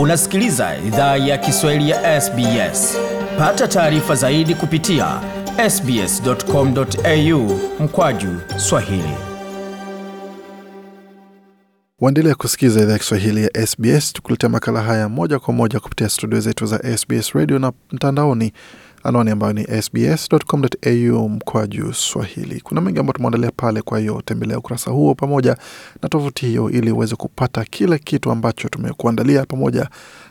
Unasikiliza idhaa ya Kiswahili ya SBS. Pata taarifa zaidi kupitia sbs.com.au mkwaju swahili. Waendelea kusikiliza idhaa ya Kiswahili ya SBS, tukuletea makala haya moja kwa moja kupitia studio zetu za SBS radio na mtandaoni anwani ambayo ni sbs.com.au mkwa juu Swahili. Kuna mengi ambayo tumeandalia pale, kwa hiyo tembelea ukurasa huo pamoja na tovuti hiyo ili uweze kupata kila kitu ambacho tumekuandalia pamoja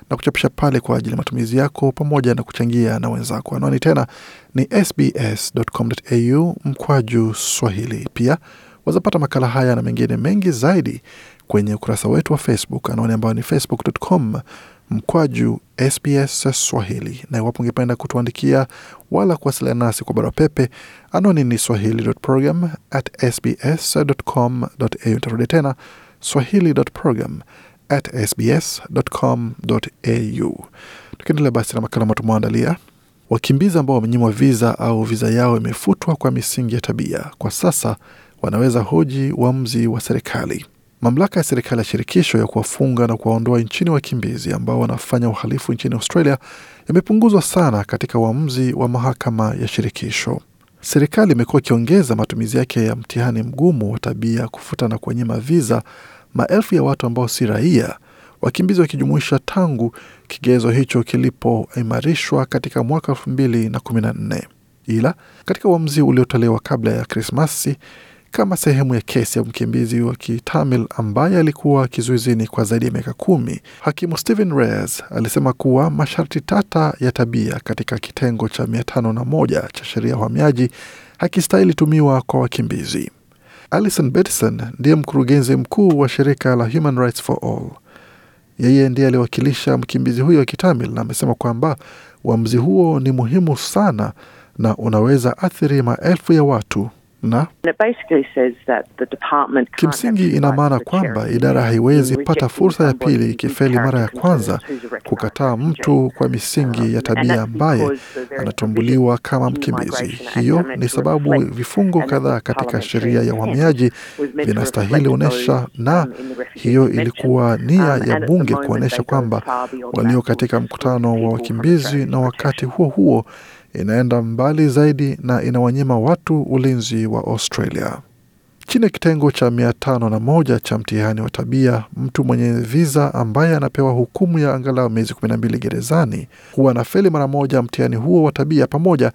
na kuchapisha pale kwa ajili ya matumizi yako pamoja na kuchangia na wenzako. Anwani tena ni sbs.com.au juu Swahili. Pia wazapata makala haya na mengine mengi zaidi kwenye ukurasa wetu wa Facebook, anwani ambayo ni facebook.com mkwaju SBS Swahili. Na iwapo ungependa kutuandikia wala kuwasiliana nasi kwa barua pepe, anwani ni swahili.program at tena swahili.program at Tukiendelea basi na makala matumeandalia Wakimbizi ambao wamenyimwa viza au viza yao imefutwa kwa misingi ya tabia, kwa sasa wanaweza hoji uamuzi wa serikali. Mamlaka ya serikali ya shirikisho ya kuwafunga na kuwaondoa nchini wakimbizi ambao wanafanya uhalifu nchini Australia yamepunguzwa sana katika uamuzi wa mahakama ya shirikisho. Serikali imekuwa ikiongeza matumizi yake ya mtihani mgumu wa tabia kufuta na kuwanyima viza maelfu ya watu ambao si raia, wakimbizi wakijumuisha tangu kigezo hicho kilipoimarishwa katika mwaka elfu mbili na kumi na nne. Ila katika uamuzi uliotolewa kabla ya Krismasi, kama sehemu ya kesi ya mkimbizi wa Kitamil ambaye alikuwa kizuizini kwa zaidi ya miaka kumi. Hakimu Stephen Reyes alisema kuwa masharti tata ya tabia katika kitengo cha mia tano na moja cha sheria ya uhamiaji hakistahili tumiwa kwa wakimbizi. Alison Bettison ndiye mkurugenzi mkuu wa shirika la Human Rights for All. Yeye ndiye aliwakilisha mkimbizi huyo wa Kitamil na amesema kwamba uamuzi huo ni muhimu sana na unaweza athiri maelfu ya watu na kimsingi ina maana kwamba idara haiwezi pata fursa ya pili ikifeli mara ya kwanza kukataa mtu kwa misingi um, ya tabia ambaye anatambuliwa kama mkimbizi. Hiyo ni sababu vifungo kadhaa katika sheria ya uhamiaji vinastahili onyesha, um, na hiyo ilikuwa nia um, ya bunge kuonyesha kwamba walio katika mkutano wa wakimbizi na wakati huo huo inaenda mbali zaidi na inawanyima watu ulinzi wa Australia. Chini ya kitengo cha mia tano na moja cha mtihani wa tabia, mtu mwenye viza ambaye anapewa hukumu ya angalau miezi 12 gerezani huwa anafeli mara moja mtihani huo wa tabia, pamoja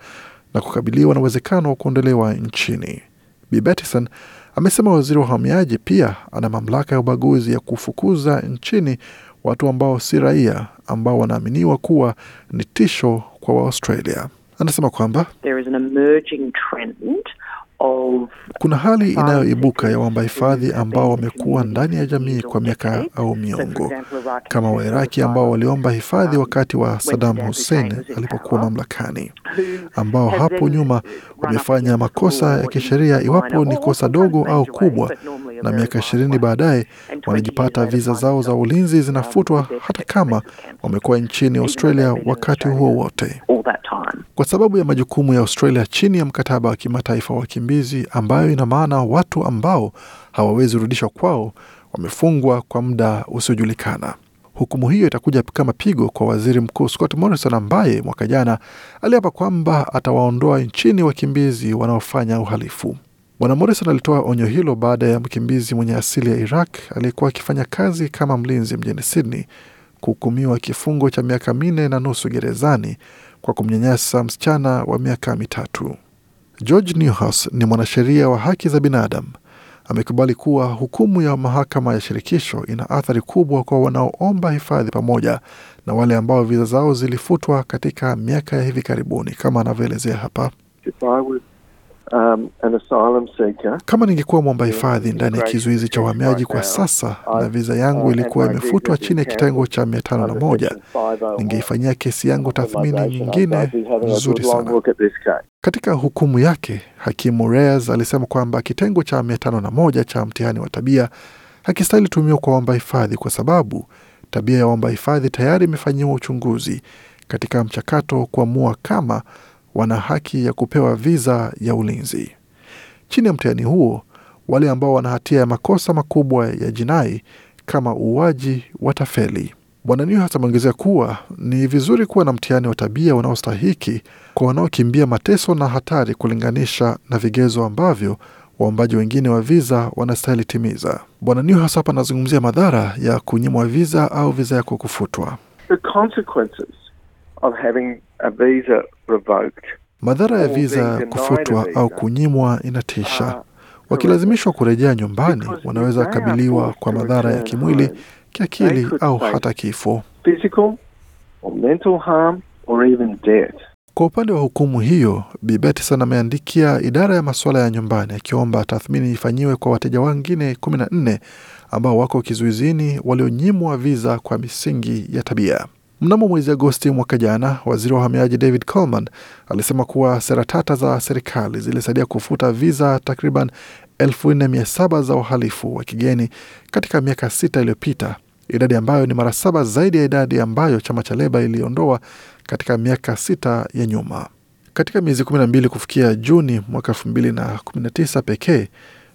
na kukabiliwa na uwezekano wa kuondolewa nchini. Bi Bettison amesema waziri wa uhamiaji pia ana mamlaka ya ubaguzi ya kufukuza nchini watu ambao si raia ambao wanaaminiwa kuwa ni tisho kwa Waaustralia. Anasema kwamba kuna hali inayoibuka ya waomba hifadhi ambao wamekuwa ndani ya jamii kwa miaka au miongo, kama Wairaki ambao waliomba hifadhi um, wakati wa Sadam Hussein alipokuwa mamlakani ambao hapo nyuma wamefanya makosa ya kisheria, iwapo ni kosa dogo au kubwa, na miaka ishirini baadaye wanajipata viza zao za ulinzi um, zinafutwa, hata kama wamekuwa nchini Australia wakati huo wote. Kwa sababu ya majukumu ya Australia chini ya mkataba wa kimataifa wa wakimbizi, ambayo ina maana watu ambao hawawezi rudishwa kwao wamefungwa kwa muda usiojulikana. Hukumu hiyo itakuja kama pigo kwa waziri mkuu Scott Morrison ambaye mwaka jana aliapa kwamba atawaondoa nchini wakimbizi wanaofanya uhalifu. Bwana Morrison alitoa onyo hilo baada ya mkimbizi mwenye asili ya Iraq aliyekuwa akifanya kazi kama mlinzi mjini Sydney kuhukumiwa kifungo cha miaka minne na nusu gerezani kwa kumnyanyasa msichana wa miaka mitatu. George Newhouse ni mwanasheria wa haki za binadamu amekubali kuwa hukumu ya mahakama ya shirikisho ina athari kubwa kwa wanaoomba hifadhi pamoja na wale ambao viza zao zilifutwa katika miaka ya hivi karibuni, kama anavyoelezea hapa. Um, an asylum seeker. Kama ningekuwa mwomba hifadhi ndani ya kizuizi cha uhamiaji kwa sasa na viza uh, yangu ilikuwa imefutwa chini ya kitengo cha mia tano na moja, ningeifanyia kesi yangu tathmini nyingine nzuri sana. Katika hukumu yake, hakimu Reyes alisema kwamba kitengo cha mia tano na moja cha mtihani wa tabia hakistahili tumiwa kwa waomba hifadhi kwa sababu tabia ya waomba hifadhi tayari imefanyiwa uchunguzi katika mchakato kuamua kama wana haki ya kupewa viza ya ulinzi. Chini ya mtihani huo, wale ambao wana hatia ya makosa makubwa ya jinai kama uuaji watafeli. Bwana Newhouse ameongezea kuwa ni vizuri kuwa na mtihani wa tabia unaostahiki kwa wanaokimbia mateso na hatari, kulinganisha na vigezo ambavyo waombaji wengine wa viza wanastahili timiza. Bwana Newhouse hapa anazungumzia madhara ya kunyimwa viza au viza yako kufutwa. The consequences of having Madhara ya viza kufutwa au kunyimwa inatisha. Ah, Wakilazimishwa kurejea nyumbani, wanaweza kabiliwa kwa madhara ya kimwili, kiakili au hata kifo. Kwa upande wa hukumu hiyo, Bibetson ameandikia idara ya masuala ya nyumbani akiomba tathmini ifanyiwe kwa wateja wengine kumi na nne ambao wako kizuizini walionyimwa viza kwa misingi ya tabia. Mnamo mwezi Agosti mwaka jana, waziri wa uhamiaji David Coleman alisema kuwa sera tata za serikali zilisaidia kufuta viza takriban 47 za uhalifu wa kigeni katika miaka sita iliyopita, idadi ambayo ni mara saba zaidi ya idadi ambayo chama cha Leba iliondoa katika miaka sita ya nyuma. Katika miezi 12 kufikia Juni mwaka 2019 pekee,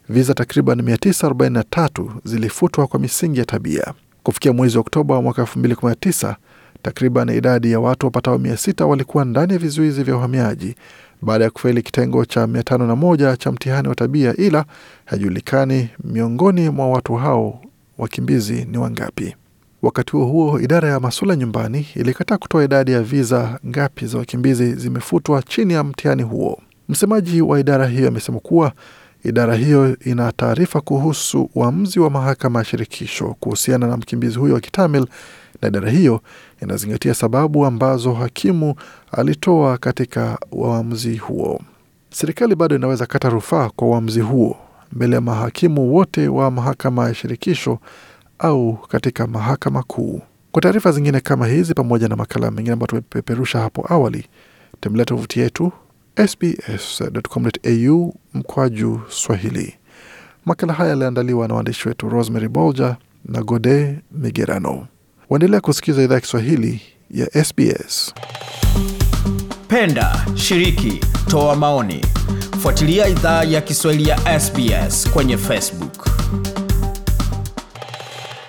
viza takriban 943 zilifutwa kwa misingi ya tabia. Kufikia mwezi Oktoba mwaka Takriban idadi ya watu wapatao mia sita walikuwa ndani ya vizuizi vya uhamiaji baada ya kufeli kitengo cha moja cha mtihani wa tabia, ila hajulikani miongoni mwa watu hao wakimbizi ni wangapi. Wakati huo huo, idara ya masuala nyumbani ilikataa kutoa idadi ya viza ngapi za wakimbizi zimefutwa chini ya mtihani huo. Msemaji wa idara hiyo amesema kuwa idara hiyo ina taarifa kuhusu uamuzi wa mahakama ya shirikisho kuhusiana na mkimbizi huyo wa Kitamil na idara hiyo inazingatia sababu ambazo hakimu alitoa katika uamuzi huo. Serikali bado inaweza kata rufaa kwa uamuzi huo mbele ya mahakimu wote wa mahakama ya shirikisho au katika mahakama kuu. Kwa taarifa zingine kama hizi pamoja na makala mengine ambayo tumepeperusha hapo awali, tembelea tovuti yetu sbs.com.au mkwaju Swahili. Makala haya yaliandaliwa na waandishi wetu Rosemary Bolger na Gode Migerano. Waendelea kusikiza idhaa ya Kiswahili ya SBS. Penda, shiriki, toa maoni, fuatilia idhaa ya Kiswahili ya SBS kwenye Facebook.